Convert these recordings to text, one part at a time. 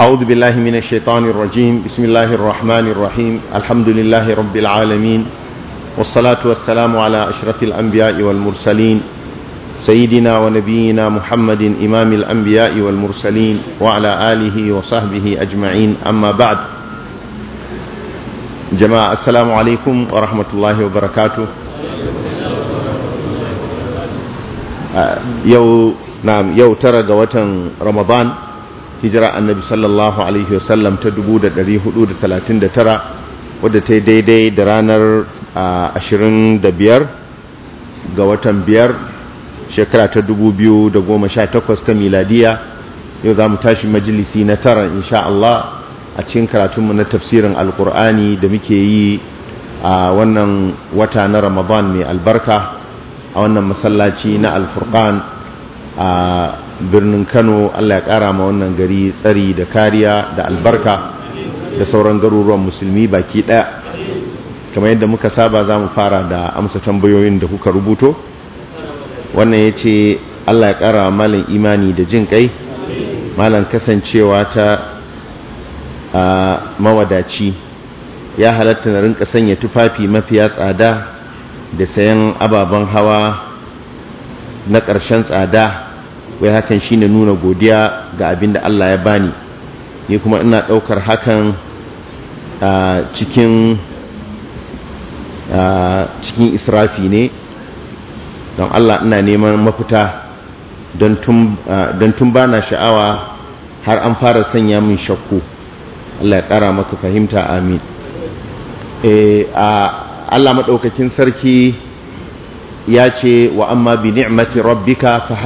أعوذ بالله من الشيطان الرجيم بسم الله الرحمن الرحيم الحمد لله رب العالمين والصلاة والسلام على أشرف الأنبياء والمرسلين سيدنا ونبينا محمد إمام الأنبياء والمرسلين وعلى آله وصحبه أجمعين أما بعد جماعة السلام عليكم ورحمة الله وبركاته يو نعم يو ترى رمضان hijira annabi sallallahu alaihi wasallam ta 439 wadda ta yi daidai da ranar 25 ga watan 5 shekara ta 2018 ta miladiya yau za mu tashi majalisi na tara insha Allah a cikin karatunmu na tafsirin alkur'ani da muke yi a wannan wata na ramadan mai albarka a wannan masallaci na alfurqan a birnin kano allah ya kara ma wannan gari tsari da kariya da albarka da sauran garuruwan musulmi baki daya kamar yadda muka saba za mu fara da amsa tambayoyin da kuka rubuto wannan ya ce allah ya kara malin imani da jin kai malin kasancewa ta mawadaci ya halatta na rinka sanya tufafi mafiya tsada da sayan ababen hawa na ƙarshen tsada wai hakan shi shine nuna godiya ga abin da Allah ya bani ni kuma ina ɗaukar hakan cikin cikin israfi ne don Allah ina neman mafita don tun tun na sha'awa har an fara sanya min shakku Allah ya ƙara maka fahimta amin eh Allah madaukakin sarki ya ce wa amma bi ni'mati rabbika fa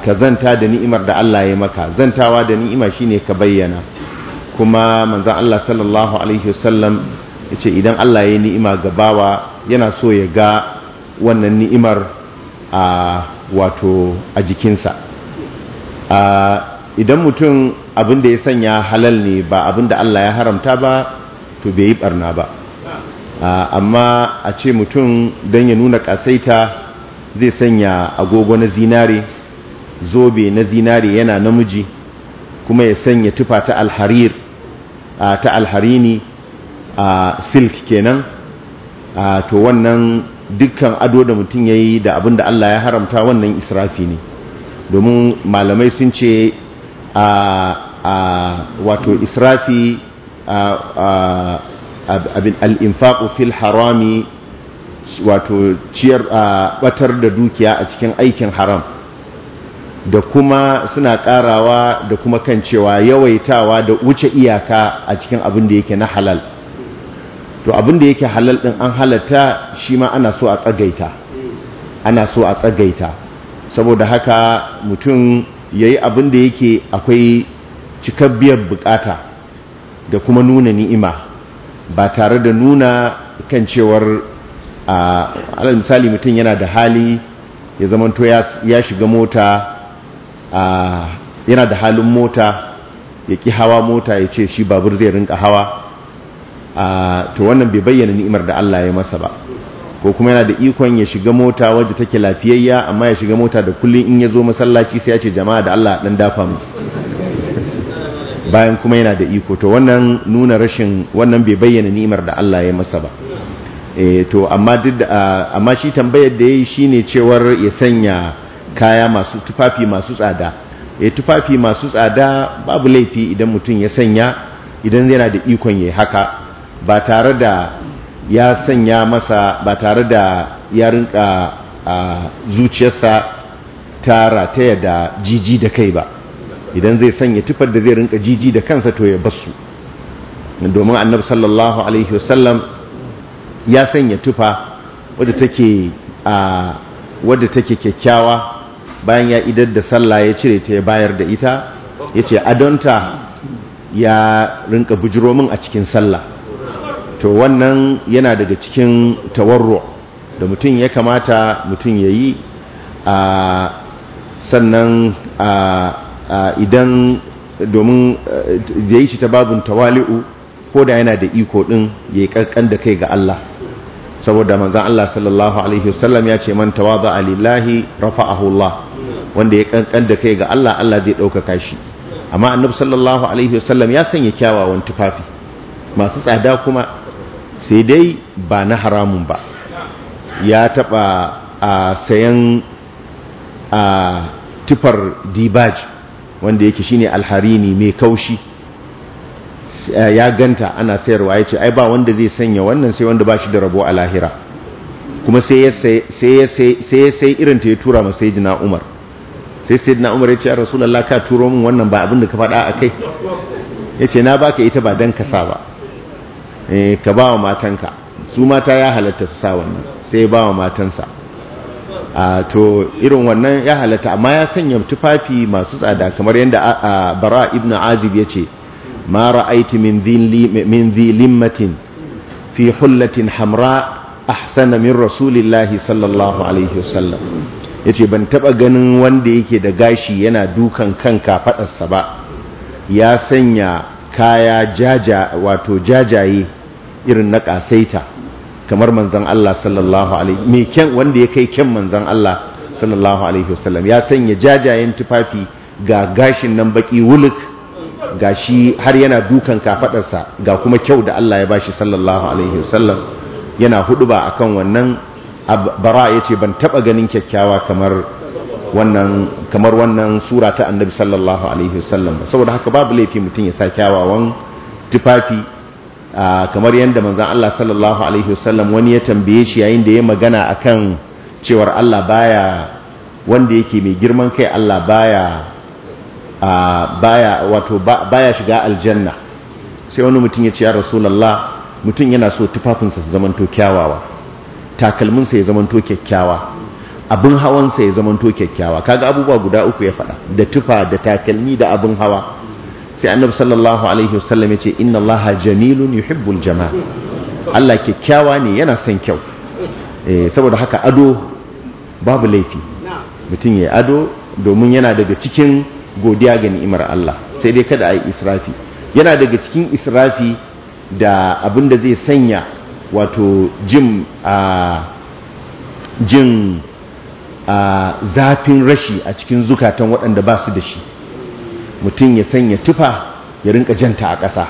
ka zanta da ni'imar da Allah ya maka zantawa da ni'ima shine ka bayyana kuma manzon Allah sallallahu alaihi wasallam yace idan Allah ya ni'ima ga bawa yana so ya ga wannan ni'imar a wato a jikinsa idan mutum abin da ya sanya halal ne ba abin da Allah ya haramta ba to bai yi barna ba amma a ce mutum don ya nuna kasaita zai sanya agogo na zinare zobe na zinari yana namiji kuma ya sanya tufa ta alharir ta alharini a silk kenan to wannan dukkan ado da mutum ya yi da abin da Allah ya haramta wannan israfi ne domin malamai sun ce a wato israfi abin al'infaƙo fil harami wato ciyar a batar da dukiya a cikin aikin haram da kuma suna karawa da kuma kan cewa yawaitawa da wuce iyaka a cikin abin da yake na halal to abin da yake halal din an halatta shi ma ana so a tsagaita ana so a tsagaita saboda haka mutum yayi abin da yake akwai cikabbiyar bukata da kuma nuna ni'ima ba tare da nuna kan cewar a alal misali mutum yana da hali ya zamanto ya shiga mota yana da halin mota ya ki hawa mota ya ce shi babur zai rinka hawa to wannan bai bayyana ni'imar da Allah ya masa ba ko kuma yana da ikon ya shiga mota wadda take lafiyayya amma ya shiga mota da kullum in ya zo masallaci sai ya ce jama'a da Allah dan dafa mu bayan kuma yana da iko to wannan nuna rashin wannan bai bayyana ni'imar da Allah ya masa ba eh to amma duk amma shi tambayar da yayi shine cewar ya sanya kaya masu tufafi masu tsada ya eh, tufafi masu tsada babu laifi idan mutum ya sanya idan yana da ikon ya haka ba tare da ya sanya masa ba tare da ya rinka zuciyarsa ta rataya da jiji da kai ba idan zai sanya tufar da zai rinka jiji da kansa to ya basu domin annabi sallallahu alaihi wasallam ya sanya tufa a wadda take kyakkyawa bayan ya idar da sallah ya cire ta ya bayar da ita ya ce adonta ya rinka bujiro min a cikin sallah to wannan yana daga cikin tawarro da mutum ya kamata mutum ya yi a sannan a idan domin ya yi shi ta babin tawali'u ko da yana da iko ɗin ya yi ƙanƙan da kai ga Allah saboda manzan Allah sallallahu alaihi wasallam ya ce man tawadha lillahi rafa'ahu Allah wanda ya kankan da kai ga Allah Allah zai ɗaukaka shi amma annabi sallallahu alaihi wasallam ya sanya kyawawan tufafi masu tsada kuma sai dai ba na haramun ba ya taɓa a sayan a tufar dibaj wanda yake shine alharini mai kaushi Eh, ya ganta ana sayarwa ya ce ai ba wanda zai sanya wannan sai wanda ba shi da rabo a lahira kuma sai ya sai irin ta ya tura ma sai jina umar sai sai jina umar ya ce a rasulallah ka turo min wannan ba abinda ka faɗa a kai ya ce na baka ita ba don sa ba eh, ka ba wa matanka su mata ya halatta su sa wannan sai ba wa matansa a to irin wannan ya halatta amma ya sanya tufafi masu tsada kamar yadda bara ibn azib ya ce ما رأيت من ذي, من ذي لمة في حلة حمراء أحسن من رسول الله صلى الله عليه وسلم yace ban taba ganin wanda yake da gashi yana dukan kan kafadarsa ba ya sanya kaya jaja wato jajaye irin na kasaita kamar manzon Allah sallallahu alaihi me ken wanda ya kai kyan manzon Allah sallallahu alaihi wasallam ya sanya jajayen tufafi ga gashin nan baki wuluk Ga shi har yana dukan kafadarsa ga kuma kyau da Allah ya bashi sallallahu alaihi wasallam yana huduba akan wannan bara ce ban taba ganin kyakkyawa kamar wannan kamar wannan sura ta annabi sallallahu alaihi wasallam saboda haka babu laifi mutum ya sa kyawawan tufafi kamar yadda manzon Allah sallallahu alaihi wasallam wani ya tambaye shi yayin da ya magana akan cewar Allah baya wanda yake mai girman kai Allah baya baya wato baya shiga aljanna sai wani mutum ya ce ya rasulallah mutum yana so tufafinsa su zamanto kyawawa takalminsa ya zamanto kyakkyawa abin hawansa ya zamanto kyakkyawa kaga abubuwa guda uku ya faɗa da tufa da takalmi da abin hawa sai annabi sallallahu alaihi wasallam ya ce inna allaha jamilun yuhibbul jamal Allah kyakkyawa ne yana son kyau eh, saboda haka ado babu laifi mutum ya ado domin yana daga cikin godiya ga ni'imar Allah sai dai kada a yi israfi yana daga cikin israfi da abin da zai sanya wato jin a jin a zafin rashi a cikin zukatan waɗanda ba su da shi mutum ya sanya tufa ya rinka janta a ƙasa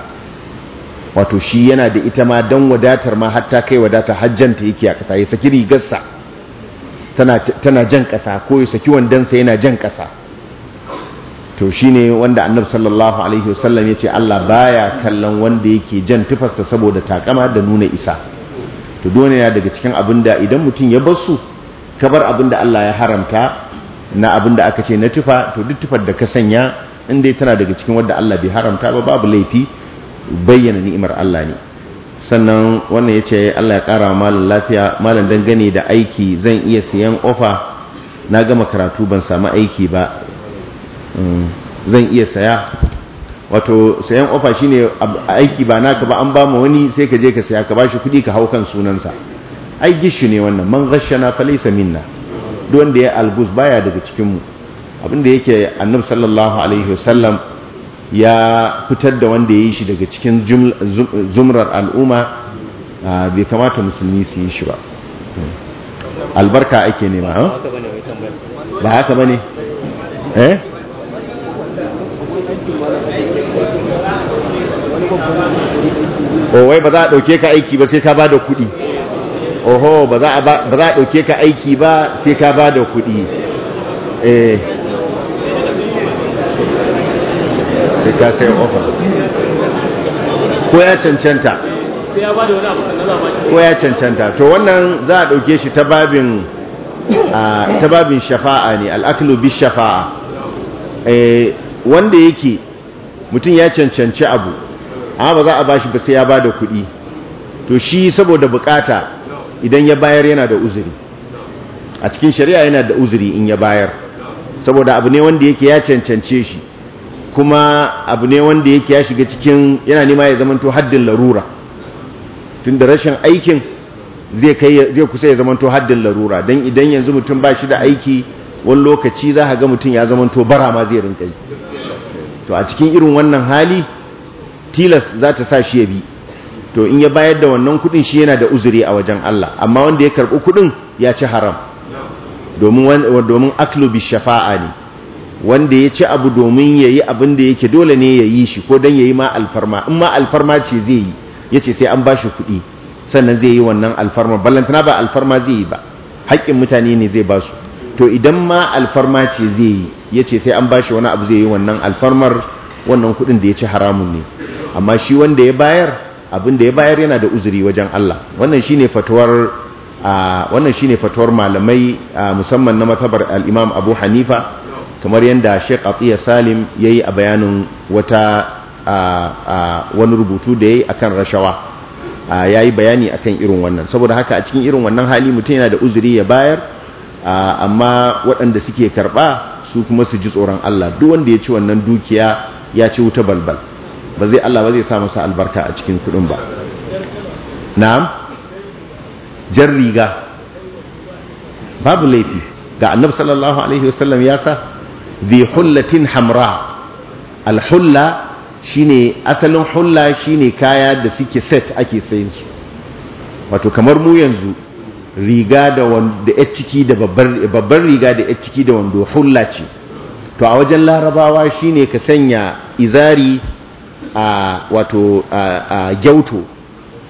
wato shi yana da ita ma don wadatar ma hatta kai wadata hajjanta yake a ƙasa ya saki rigarsa tana jan ƙasa ko ya saki wandonsa yana jan ƙasa to shi ne wanda annabi sallallahu alaihi wasallam ce Allah baya kallon wanda yake jan tufarsa saboda takama da nuna isa to dole ya daga cikin abinda idan mutum ya bar su ka bar abinda Allah ya haramta na abinda aka ce na tufa to duk tufar da ka sanya in dai tana daga cikin wanda Allah bai haramta ba babu laifi bayyana ni'imar Allah ne sannan wannan yace Allah ya kara malan lafiya malan dangane da aiki zan iya siyan ofa na gama karatu ban samu aiki ba zan iya saya wato sayan ofa shine aiki ba naka ba an ba mu wani sai ka je ka saya ka bashi kuɗi ka hau kan sunansa ai gishi ne wannan man ghashana falaysa minna duk wanda ya albus baya daga cikinmu mu abinda yake annabi sallallahu alaihi wasallam ya fitar da wanda ya yi shi daga cikin zumrar al'umma bai kamata musulmi su yi shi ba albarka ake nema ba haka bane eh owai oh, ba za a ɗauke ka aiki ba sai ka ba da kuɗi oho ba za a ɗauke ka aiki ba sai ka ba da kuɗi eh sai ka sai ofa ko ya cancanta ko ya cancanta to wannan za a ɗauke shi ta babin ta babin shafa'a ne al'aklu bi shafa'a eh, wanda yake mutum ya cancanci abu amma ba za a bashi ba sai ya bada kuɗi to shi saboda bukata idan ya bayar yana da uzuri a cikin shari'a yana da uzuri in ya bayar saboda abu ne wanda yake ya cancance shi kuma abu ne wanda yake ya shiga cikin yana nema ya zamanto haddin larura tun da rashin aikin zai kusa ya zamanto haddin larura don idan yanzu mutum ba shi da aiki wani lokaci za ga mutum ya zamanto bara ma zai rinka to a cikin irin wannan hali tilas za ta sa shi ya bi to in ya bayar da wannan kudin shi yana da uzuri a wajen Allah amma wanda ya karɓi kudin ya ci haram domin domin aklu bi shafa'a ne wanda ya ci abu domin yayi abin da yake dole ne ya yi shi ko dan yayi ma alfarma in ma alfarma ce zai yi yace sai an bashi kudi sannan zai yi wannan alfarma ballantana ba alfarma zai yi ba haƙƙin mutane ne zai ba su to idan ma alfarma ce zai yi yace sai an bashi wani abu zai yi wannan alfarmar wannan kudin da ya ci haramun ne amma shi wanda ya bayar abin da ya bayar yana da uzuri wajen Allah wannan shine fatuwar wannan shine fatuwar malamai musamman na matabar al-Imam Abu Hanifa kamar yadda Sheikh Atiya Salim yayi a bayanin wata wani rubutu da yayi akan rashawa yayi bayani akan irin wannan saboda haka a cikin irin wannan hali mutum yana da uzuri ya bayar amma waɗanda suke karɓa su kuma su ji tsoron Allah duk wanda ya ci wannan dukiya ya ci wuta balbal ba zai Allah ba zai sa masa albarka a cikin kudin ba na'am jar riga babu laifi ga annabu sallallahu alaihi wasallam ya sa zai hullatin hamra alhulla shine asalin hulla shine kaya da suke set ake sayin wato kamar mu yanzu riga da wanda ya ciki da babbar riga da ya ciki da wando hulla ce to a wajen larabawa shine ka sanya izari a wato a gyauto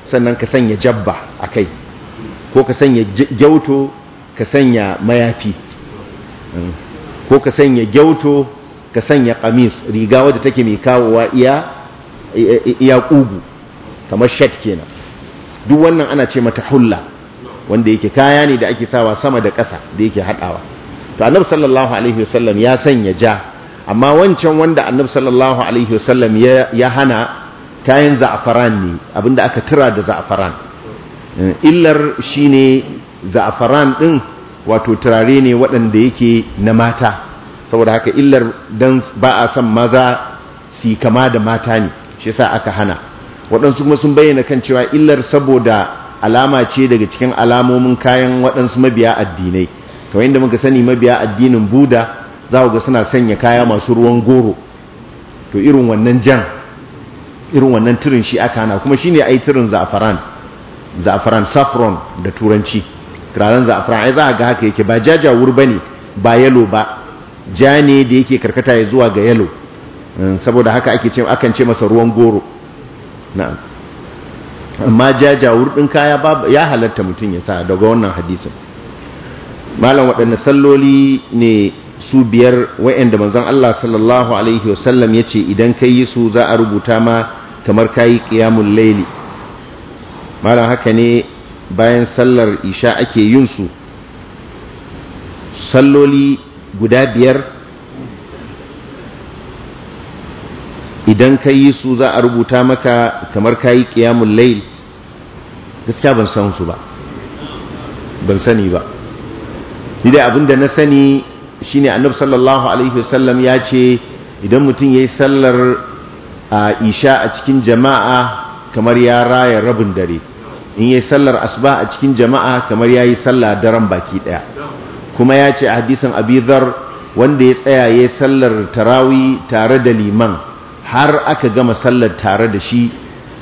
sannan ka sanya jabba a kai ko ka sanya gyauto ka sanya mayafi mm, ko ka sanya gyauto ka sanya kamis riga wadda take mai kawowa iya iya kugu kamar shed kenan duk wannan ana ce mata hulla wanda yake kaya ne da ake sawa sama da ƙasa da yake haɗawa to annabi sallallahu alaihi wasallam ya sanya ja amma wancan wanda annabi sallallahu alaihi wasallam ya hana kayan za'afaran ne abinda aka tira da za'afaran eh, illar shine za'afaran din wato turare ne waɗanda yake na mata saboda haka illar dan ba a son maza si kama da mata ne shi yasa aka hana waɗansu kuma sun bayyana kan cewa illar saboda alama ce daga cikin alamomin kayan waɗansu mabiya addinai kamar yadda muka sani mabiya addinin buda za ga suna sanya kaya masu ruwan goro to irin wannan jan irin wannan turin shi aka hana kuma shi ne a ai turin za'afaran za'afaran saffron da turanci turaren za'afaran ai za a ga haka yake ba jajawur ne ba yalo ba ja ne da yake karkata ya zuwa ga yalo hmm, saboda haka ake ce akan ce masa ruwan goro na'am amma jajawur ɗin kaya ya halatta mutum ya sa daga wannan hadisin malam waɗanne salloli ne su biyar wa'anda manzon Allah sallallahu alaihi wasallam yace idan ka yi su za a rubuta ma kamar kayi qiyamul layli malam haka ne bayan sallar isha ake yin su salloli guda biyar idan ka yi su za a rubuta maka kamar kayi qiyamul layl gaskiya ban san su ba ban sani ba ni da abinda na sani shine annabi sallallahu alaihi wasallam ya ce idan mutum ya yi sallar isha a cikin jama'a kamar ya raya rabin dare in ya yi sallar asuba a cikin jama'a kamar ya yi sallah daren baki ɗaya kuma ya ce a hadisin abizar wanda ya tsaya ya yi sallar tarawi tare da liman har aka gama sallar tare da shi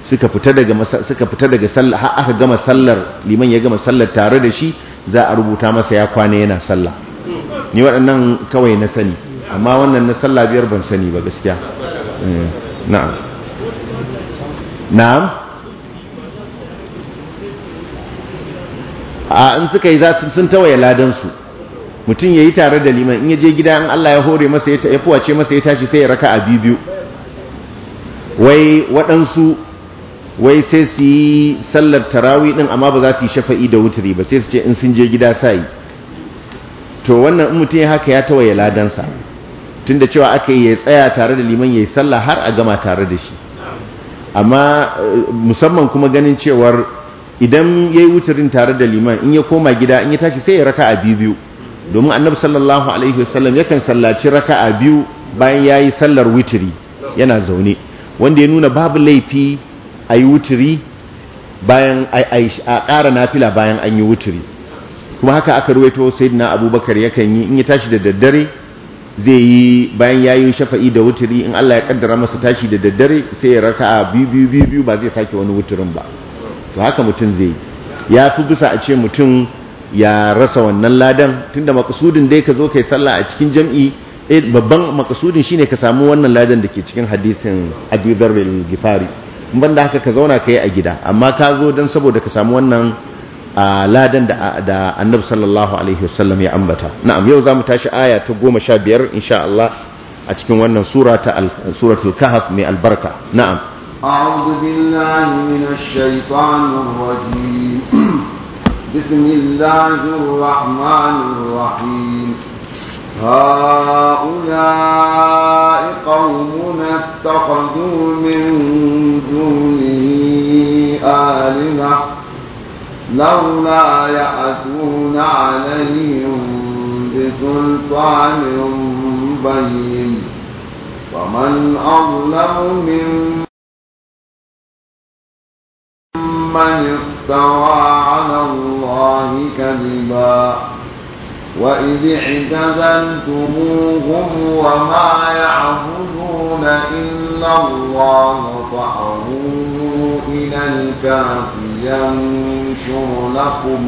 suka fita daga sallar har aka gama sallar liman ya gama sallar tare da shi za a rubuta masa ya kwana yana sallah ni waɗannan kawai na sani amma wannan na sallah biyar ban sani ba gaskiya eh, na'am na'am a in suka yi za su sun tawaye ladansu mutum ya yi tare da liman in ya je gida in Allah ya hore masa ya fuwace masa ya tashi sai ya raka a biyu wai waɗansu wai sai su yi sallar tarawi ɗin amma ba za su yi shafa'i da wuturi ba sai su ce in sun je gida sa yi to wannan in mutum ya haka ya tawaye ladansa tunda cewa aka yi ya tsaya tare da liman ya yi sallah har a gama tare da shi amma eh, musamman kuma ganin cewar idan ya yi wuturin tare da liman in ya koma gida in ya tashi sai ya raka a biyu biyu domin annabi sallallahu alaihi wasallam yakan sallaci raka a biyu bayan ya yi sallar wuturi yana zaune wanda ya nuna babu laifi a yi wuturi bayan a ƙara nafila bayan an yi wuturi kuma haka aka ruwaito sayyidina abubakar yakan yi in ya tashi da daddare zai yi bayan yayi shafa'i da wuturi in Allah ya kaddara masa tashi da daddare sai ya raka a biyu biyu biyu ba zai sake wani wuturin ba to haka mutum zai ya fi bisa a ce mutum ya rasa wannan ladan tunda makasudin dai ka zo kai sallah a cikin jam'i eh, babban makasudin shine ka samu wannan ladan da ke cikin hadisin abu Dharr al-Ghifari banda haka ka zauna kai a gida amma ka zo dan saboda ka samu wannan a ladan da annabi sallallahu alaihi wasallam ya ambata na'am yau zamu tashi aya ta 15 insha Allah a cikin wannan sura ta suratul kahf mai albarka na'am a'udhu billahi minash shaitanir rajim bismillahir rahmanir rahim هؤلاء قومنا اتخذوا من دونه آلهة لولا يأتون عليهم بسلطان بين ومن أظلم ممن افترى على الله كذبا وإذ اعتزلتموهم وما يعبدون إلا الله فأروا إلى الكهف ينشر لكم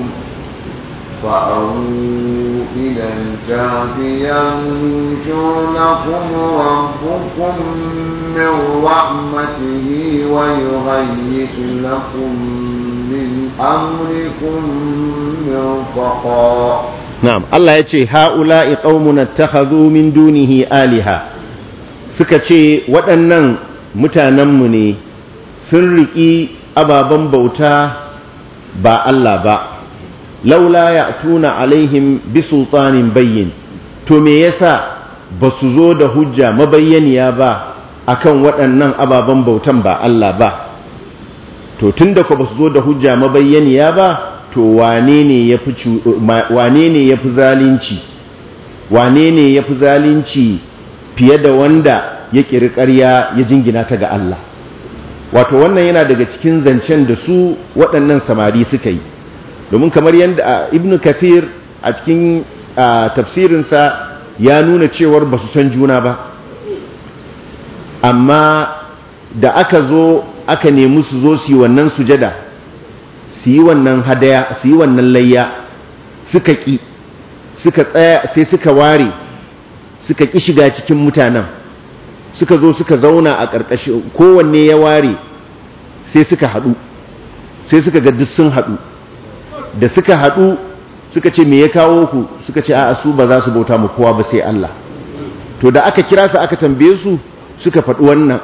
فأروا إلى الكهف ينشر لكم ربكم من رحمته ويهيئ لكم من أمركم من مرفقا نعم الله يتي هؤلاء قومنا اتخذوا من دونه آلهة suka ce waɗannan mutanenmu ne sun riƙi ababen bauta ba Allah ba laula ya tuna alaihim bi sultanin bayyin to me yasa ba su zo da hujja mabayyaniya ba akan waɗannan ababen bautan ba Allah ba to tunda ku ba su zo da hujja mabayyaniya ba to wane ne ya fi zalunci wane ne ya fi zalunci fiye da wanda ya ƙirƙarya ya jingina ta ga Allah wato wannan yana daga cikin zancen da su waɗannan samari suka yi domin kamar yadda Ibn kathir a cikin tafsirinsa ya nuna cewar ba su san juna ba amma da aka zo aka nemi su zo su yi wannan sujada su yi wannan hadaya su yi wannan layya suka ƙi suka tsaya sai suka ware suka ƙi shiga cikin mutanen suka zo suka zauna a ƙarƙashin kowanne ya ware sai suka haɗu sai suka ga duk sun haɗu da suka haɗu suka ce me ya kawo ku suka ce a'a su ba za su bauta mu kowa ba sai Allah to da aka kira su aka tambaye su suka faɗi wannan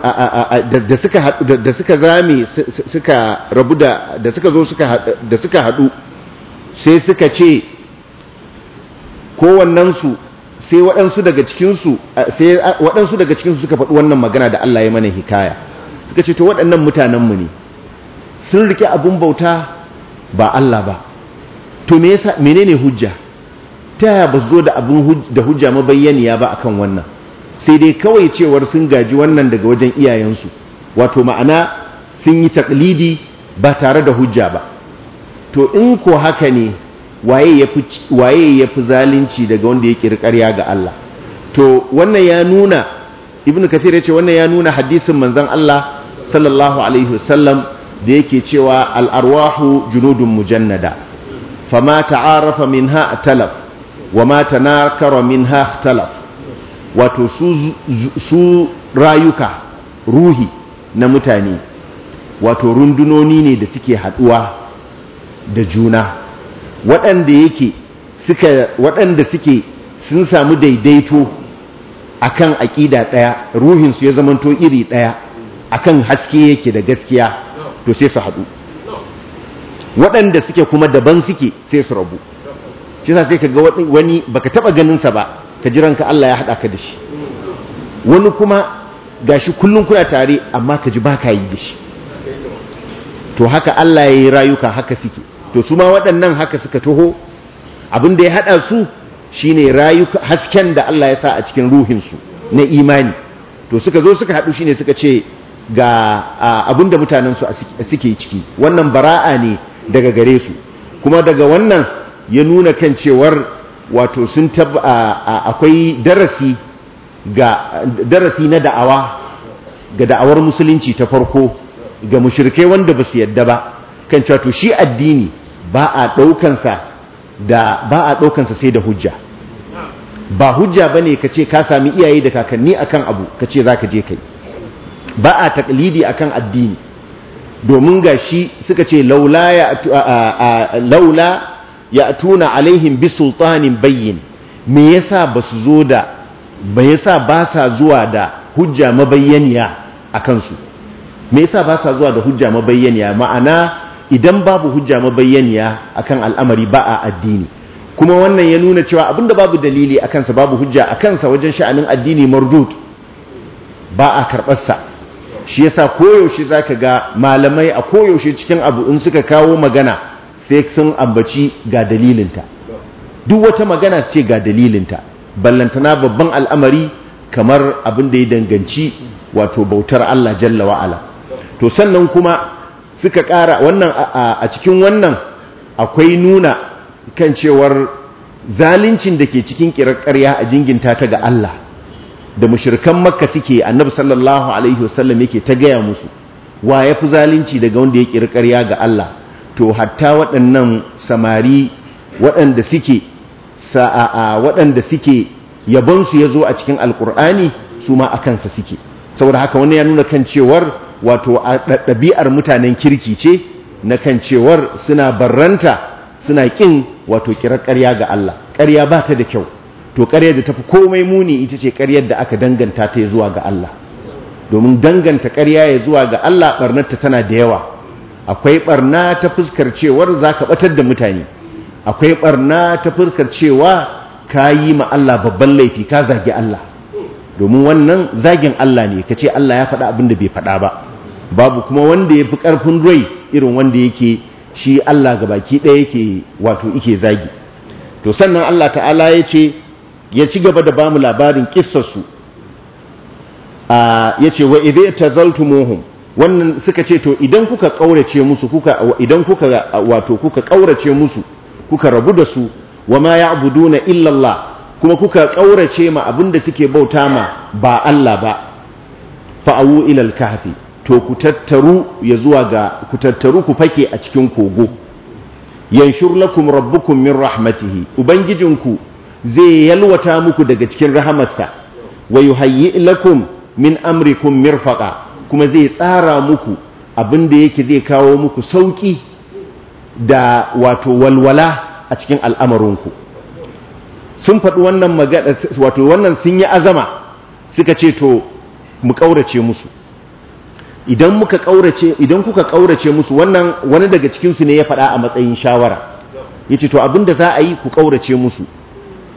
da suka haɗu da suka zame suka rabu da suka zo suka da suka haɗu sai suka ce kowannensu sai waɗansu daga cikinsu sai waɗansu daga cikinsu suka faɗi wannan magana da Allah ya mana hikaya suka ce to waɗannan mutanenmu ne sun rike abin bauta ba Allah ba to me yasa menene hujja ta yaya ba zo da abin da hujja mabayyaniya ba akan wannan sai dai kawai cewar sun gaji wannan daga wajen iyayensu wato ma'ana sun yi taklidi ba tare da hujja ba to in ko haka ne waye ya fi zalunci daga wanda ya ƙirƙarya ga Allah to wannan ya nuna ibn kathir ya ce wannan ya nuna hadisin manzan Allah sallallahu alaihi wasallam da yake cewa al'arwahu junudun mujannada fama ta'arafa minha talaf wa ma tanakara minha talaf wato su rayuka ruhi na mutane wato rundunoni ne da suke haduwa da juna waɗanda yake suka waɗanda suke sun samu daidaito akan aƙida ɗaya ruhinsu ya zamanto iri ɗaya akan haske yake da gaskiya to sai su haɗu waɗanda suke kuma daban suke sai su rabu shi sa sai ka ga wani baka taɓa ganinsa ba ka jiran ka Allah ya haɗa ka da shi wani kuma gashi kullum kuna tare amma ka ji ba ka yi da shi to haka Allah ya yi rayuka haka suke to su ma waɗannan haka suka taho abin da ya haɗa su shine rayuka hasken da Allah ya sa a cikin ruhinsu na imani to suka zo suka haɗu shine suka ce ga abin da mutanensu suke ciki wannan bara'a ne daga gare su kuma daga wannan ya nuna kan cewar wato sun taba akwai darasi ga darasi na da'awa ga da'awar musulunci ta farko ga mushirkai wanda ba su yadda ba kan cewa shi addini ba a ɗaukansa da ba a sai da hujja ba hujja bane ka ce ka sami iyaye da kakanni akan abu ka ce za ka je kai ba a taklidi akan addini domin ga shi suka ce laula ya tuna alaihim bi sultanin bayyin me yasa ba su zo da ba yasa ba sa zuwa da hujja mabayyaniya a kansu me yasa ba sa zuwa da hujja mabayyaniya ma'ana idan babu hujja mabayyaniya akan al'amari ba a addini kuma wannan ya nuna cewa abinda babu dalili a kansa babu hujja a kansa wajen sha'anin addini mardud ba a sa shi yasa koyaushe zaka ga malamai a koyaushe cikin abu in suka kawo magana sai sun ambaci ga dalilinta duk wata magana ce ga dalilinta ballantana babban al'amari kamar abin da ya danganci wato bautar Allah jalla wa'ala to sannan kuma suka ƙara wannan a cikin wannan akwai nuna kan cewar zalincin da ke cikin ƙirar ƙarya a jinginta ta ga Allah da mushirkan makka suke annabi sallallahu alaihi wasallam yake ta gaya musu wa ya fi zalunci daga wanda ya ƙirar ƙarya ga Allah to hatta waɗannan samari waɗanda suke sa'a waɗanda suke yabonsu ya zo a cikin alƙur'ani su ma a kansa suke saboda haka wani ya nuna kan cewar wato ɗabi'ar mutanen kirki ce na kan cewar suna barranta suna ƙin wato ƙirar ƙarya ga Allah ƙarya ba ta da kyau to ƙaryar da tafi komai muni ita ce ƙaryar da aka danganta ta zuwa ga Allah domin danganta ƙarya ya zuwa ga Allah ɓarnarta tana da yawa akwai ɓarna ta fuskar cewar za ka ɓatar da mutane akwai ɓarna ta fuskar cewa ka yi ma Allah babban laifi ka zagi Allah domin wannan zagin Allah ne ka ce Allah ya faɗa abin da bai faɗa ba babu kuma wanda ya fi ƙarfin rai irin wanda yake shi Allah ga baki ɗaya yake wato ike zagi to sannan Allah ta'ala ya ce ya ci gaba da bamu labarin kissarsu ya ce wa idai ta zaltumuhum wannan suka ce to idan kuka ƙaurace musu kuka idan kuka wato kuka ƙaurace musu kuka rabu da su wa ma ya abudu illa Allah kuma kuka ƙaurace ma abinda suke bauta ma ba Allah ba fa'awu ilal kahfi to ku tattaru ya zuwa ga ku tattaru ku fake a cikin kogo yanshur lakum rabbukum min rahmatihi ubangijinku zai yalwata muku daga cikin rahamarsa wa yuhayyi lakum min amrikum mirfaqa kuma zai tsara muku abin da yake zai kawo muku sauki da wato walwala a cikin al'amarinku sun faɗi wannan magana wato wannan sun yi azama suka ce to mu ƙaurace musu idan muka kaurace idan kuka kaurace musu wannan wani daga cikin su ne ya faɗa a matsayin shawara yace to abinda za a yi ku kaurace musu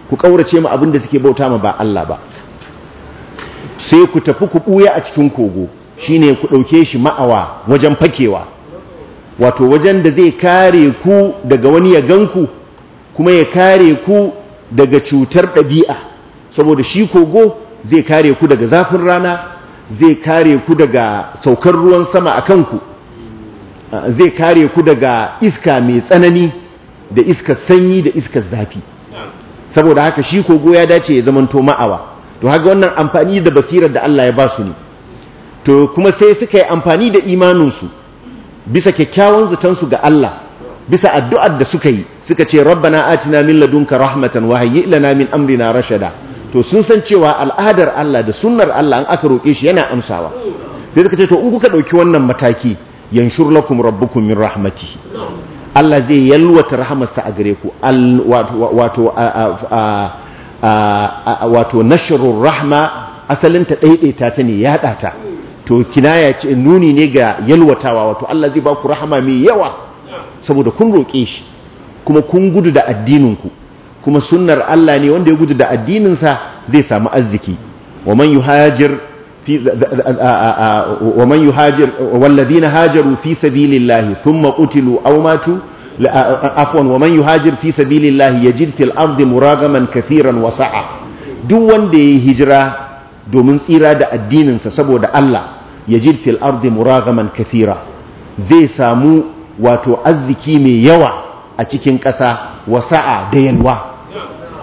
ku kaurace mu abinda suke bauta ma ba Allah ba sai ku tafi ku buya a cikin kogo shine ku dauke shi ma'awa wajen fakewa wato wajen da zai kare ku daga wani ya ganku kuma ya kare ku daga cutar ɗabi'a saboda shi kogo zai kare ku daga zafin rana zai kare ku daga saukar ruwan sama a kanku zai kare ku daga iska mai tsanani da iskar sanyi da iskar zafi saboda haka shi kogo ya dace ya zamanto ma'awa to haka wannan amfani da basirar da Allah ya ba su ne to kuma sai suka yi amfani da imaninsu bisa kyakkyawan zutansu ga Allah bisa addu'ar da suka yi suka ce rabbana atina min ladunka rahmatan wa hayyi lana min amrina rashada to sun san cewa al'adar Allah da sunnar Allah an aka roƙe shi yana amsawa sai suka ce to in kuka ɗauki wannan mataki yanshur lakum rabbukum min rahmatihi Allah zai yalwata rahamarsa a gare ku wato wato nashrur rahma asalin ta daidaita ta ne yaɗa ta to kinaya ce nuni ne ga yalwatawa wato Allah zai baku ku rahama mai yawa saboda kun roƙe shi kuma kun gudu da addinin ku kuma sunnar Allah ne wanda ya gudu da addininsa zai samu arziki wa man yuhajir walladhina hajaru fi sabilillahi thumma qutilu aw matu afwan wa man yuhajir fi sabilillahi yajid fil ardi muragaman kathiran wa sa'a duk wanda ya hijira domin tsira da addininsa saboda Allah yajid fil ardi muragaman kathira zai samu wato arziki mai yawa a cikin ƙasa wasa'a da yalwa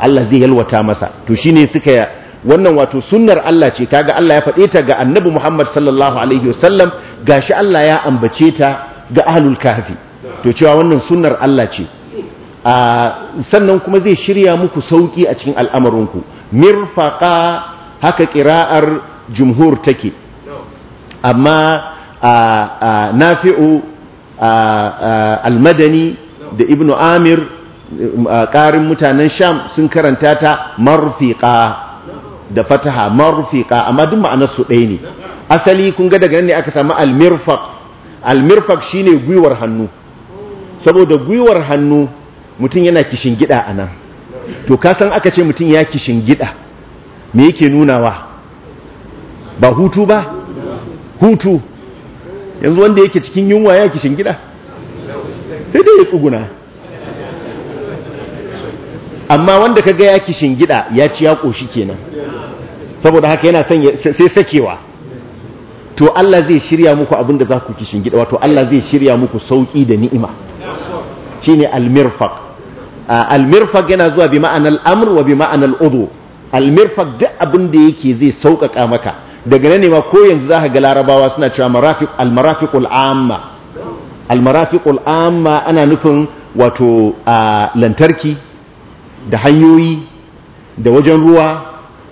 Allah zai yalwata masa to shine suka wannan wato sunnar Allah ce kaga Allah ya fade ta ga Annabi Muhammad sallallahu alaihi wasallam gashi Allah ya ambace ta ga ahlul kahfi to cewa wannan sunnar Allah ce a sannan kuma zai shirya muku sauki a cikin al'amarinku mirfaqa haka qira'ar jumhur take amma a nafi'u al-madani da ibnu amir ƙarin mutanen sham sun karanta ta marfiƙa da fataha marfiƙa amma duk ma'anar ɗaya ne asali kun ga daga nan ne aka samu almirfaq almirfaq shine gwiwar hannu saboda gwiwar hannu mutum yana kishin gida nan to kasan aka ce mutum ya kishin gida me yake nunawa ba hutu ba hutu yanzu wanda yake cikin yunwa ya kishin gida sai dai ya tsuguna amma wanda ka ya kishin gida ya ci ya ƙoshi kenan saboda haka yana son sai sakewa to Allah zai shirya muku abinda za ku kishin gida wato Allah zai shirya muku sauƙi da ni'ima shine ne mirfaq al yana zuwa bi ma'anar amr wa bi ma'anar odo. al duk abin da yake zai sauƙaƙa maka daga nan ne ma ko yanzu zaka ga larabawa suna cewa marafiq amma amma ana nufin wato lantarki da hanyoyi da wajen ruwa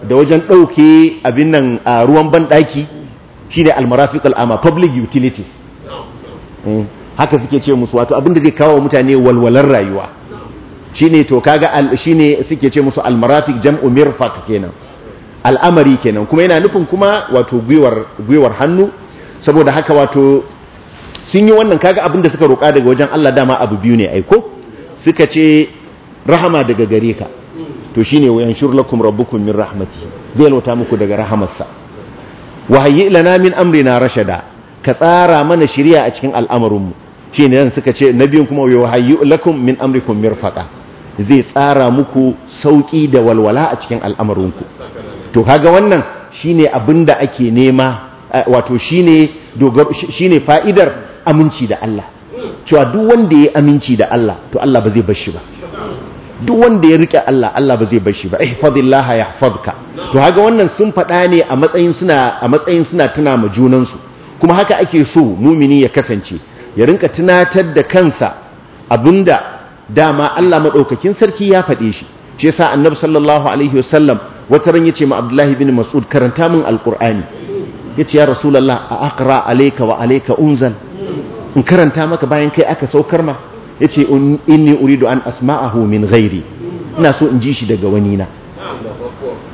da wajen ɗauke abin nan a ruwan banɗaki shi ne almarafiƙal ama public utilities mm. haka suke ce musu wato abin da zai kawo mutane walwalar rayuwa shi ne to kaga shi ne suke ce musu almarafiƙ jam'u mirfaq kenan al'amari kenan kuma yana nufin kuma wato gwiwar hannu saboda haka wato sun yi wannan kaga abin da suka roƙa daga wajen Allah dama abu biyu ne aiko suka ce rahama daga gare ka to shine wayan yanshur lakum rabbukum min rahamati, zai lauta muku daga rahamarsa wa hayyi lana min amrina rashada ka tsara mana shiriya a cikin shi shine nan suka ce nabiyin kuma wa hayyi lakum min amrikum mirfaqa zai tsara muku sauƙi da walwala a cikin ku. to kaga wannan shine abinda ake nema eh, wato shine dogaro fa'idar aminci da Allah cewa duk wanda ya aminci da Allah to Allah ba zai bar shi ba duk wanda ya rike Allah Allah ba zai bar shi ba ihfazillaha yahfazka to haka wannan sun faɗa ne a matsayin suna a matsayin suna tuna ma junan su kuma haka ake so mumini ya kasance ya rinka tunatar da kansa abinda dama Allah madaukakin sarki ya faɗe shi shi yasa annabi sallallahu alaihi wasallam wata ran yace ma Abdullahi bin Mas'ud karanta min alqur'ani yace ya rasulullah a aqra alayka wa alayka unzal in karanta maka bayan kai aka saukar ma ya ce inni uridu an asma'ahu min ghairi ina so in ji shi daga wani na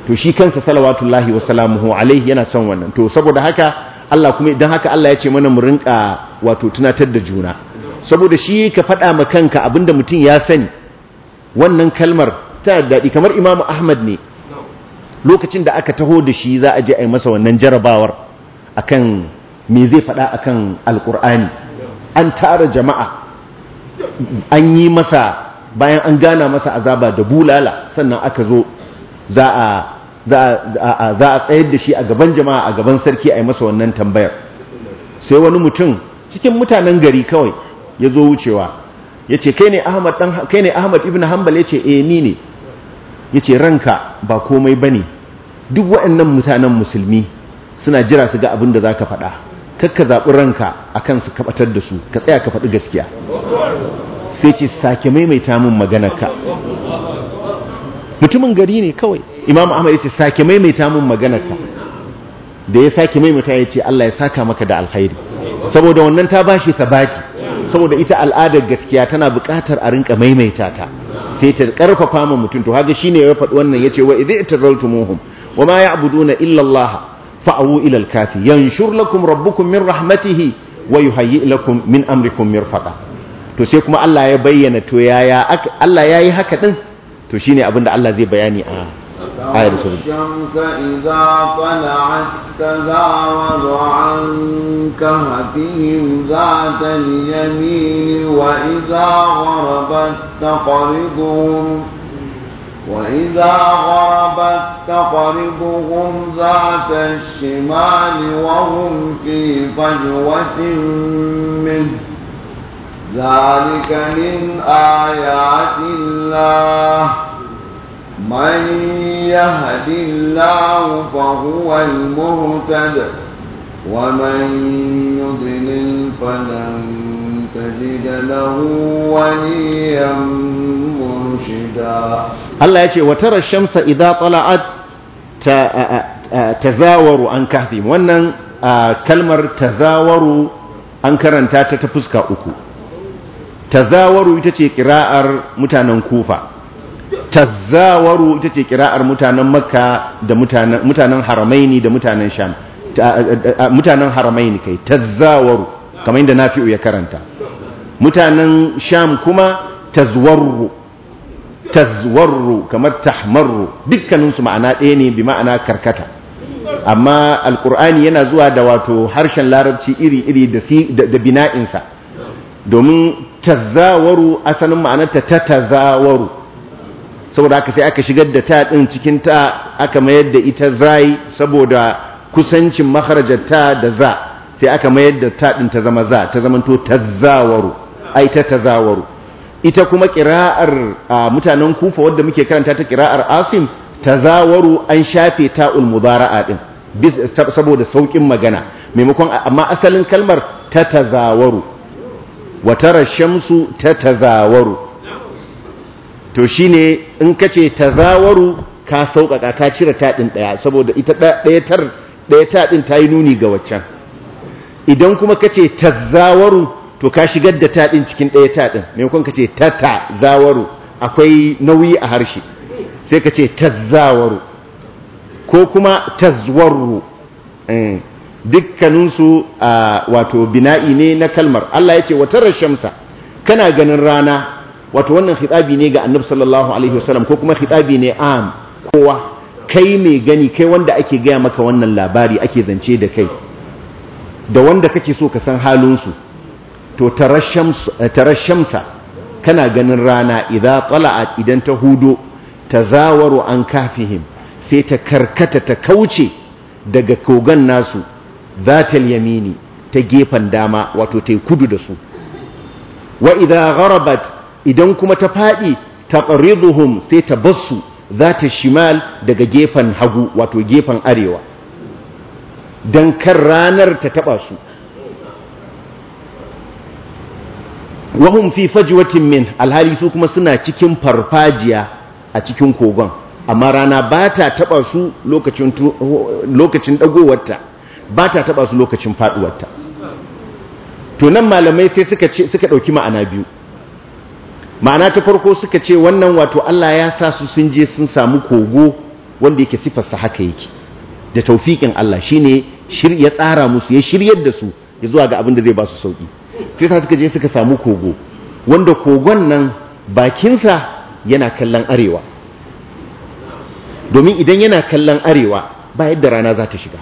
to shi kansa salawatullahi wa salamuhu alaihi yana son wannan to saboda haka Allah kuma idan haka Allah ya ce mana mu rinka wato tunatar da juna saboda shi ka faɗa ma kanka abinda mutum ya sani wannan kalmar ta daɗi kamar Imam Ahmad ne lokacin da aka taho da shi za a je a yi masa wannan jarabawar akan me zai faɗa akan alkur'ani an tara jama'a an yi masa bayan an gana masa azaba da bulala sannan aka zo za a tsayar da shi a gaban jama'a a gaban sarki a yi masa wannan tambayar sai wani mutum cikin mutanen gari kawai ya zo wucewa ya ce kai ne ahmad ibn Hambal ya ce e ni ne ya ce ranka ba komai ba ne duk waɗannan mutanen musulmi suna jira su ga abin da za ka faɗa kakka zaɓi ranka a kan su kaɓatar da su ka tsaya ka faɗi gaskiya sai ce sake maimaita min maganarka mutumin gari ne kawai imam ahmad ya ce sake maimaita min maganarka da ya sake maimaita ya ce allah ya saka maka da alkhairi saboda wannan ta bashi baki, saboda ita al'adar gaskiya tana buƙatar a rinka maimaita ta sai ta ƙarfafa ma mutum to haka shine ya faɗi wannan ya ce wa idza tazaltumuhum wa ma ya'buduna illa allah fa'awu ila al-kafi yanshur lakum rabbukum min rahmatihi wa yuhayyi lakum min amrikum mirfaqa to sai kuma Allah ya bayyana to yaya Allah yayi haka din to shine abinda Allah zai bayani a آية الكرسي الشمس إذا طلعت تزاوز عن كهفهم ذات wa وإذا غربت تقرضهم وإذا غربت تقرضهم ذات الشمال وهم في فجوة منه ذلك من آيات الله من يهد الله فهو المهتد ومن يضلل فلن تجد له وليا مرشدا الله يجي وترى الشمس إذا طلعت تزاور عن كهفهم وأن كلمة تزاور an karanta ta ta fuska uku tazawaru ita ce kira'ar mutanen kufa tazawaru ita ce kira'ar mutanen makka da mutanen haramaini da mutanen sham mutanen haramaini kai tazawaru kamar yadda nafi'u ya karanta mutanen sham kuma tazwarru tazwarru kamar tahmarru dukkaninsu ma'ana ɗaya ne bi ma'ana karkata amma alkur'ani yana zuwa da wato harshen larabci iri-iri da bina'insa domin tazawaru asalin ma'anarta ta tazawaru saboda aka sai aka shigar da ta ɗin cikin ta aka mayar da ita zai saboda kusancin ta da za sai aka mayar da ta ɗin ta zama za ta zamanto tazawaru ai ta tazawaru ita kuma kira'ar mutanen kufa wadda muke karanta ta kira'ar asim tazawaru an shafe ta'ul mudara'a din saboda saukin magana maimakon amma asalin kalmar ta tazawaru Wata shamsu ta tazawaru to shine in kace tazawaru ka sauƙaƙa ka cire taɗin ɗaya saboda ita ɗaya taɗin ta yi nuni ga waccan idan kuma kace tazawaru to ka shigar da taɗin cikin ɗaya taɗin, maimakon ka ce tata zawaru akwai nauyi a harshe sai ka ce tazzawaru ko kuma tazwaru eh, dukkaninsu wato bina'i ne na kalmar Allah ya ce wata Rashamsa, kana ganin rana wato wannan hitsabi ne ga annab sallallahu alaihi wasallam ko kuma hitsabi ne am kowa kai mai gani kai wanda ake gaya maka wannan labari ake zance da kai da wanda kake so ka san halinsu to eh, shamsa kana ganin rana idza tala'at idan ta hudo tazawaru an kafihim sai ta karkata ta kauce daga kogan nasu zatal yamini ta gefen dama wato ta kudu da su wa idza gharabat idan kuma ta faɗi fadi taqriduhum sai ta za zata shimal daga gefen hagu wato gefen arewa dan kan ranar ta taɓa su wahum fi fajwatin min alhali su kuma suna cikin farfajiya a cikin kogon amma rana ba ta taba su lokacin lokacin dagowarta ba ta taba su lokacin faduwarta to nan malamai sai suka ce suka dauki ma'ana biyu ma'ana ta farko suka ce wannan wato Allah ya sa su sun je sun samu kogo wanda yake sifar sa haka yake da taufikin Allah shine shir ya tsara musu ya shiryar da su ya zuwa ga abin da zai ba su sauki sai sa suka je suka samu kogo wanda kogon nan bakinsa yana kallon arewa domin idan yana kallon arewa ba yadda rana za ta shiga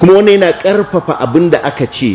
kuma wani yana ƙarfafa abin da aka ce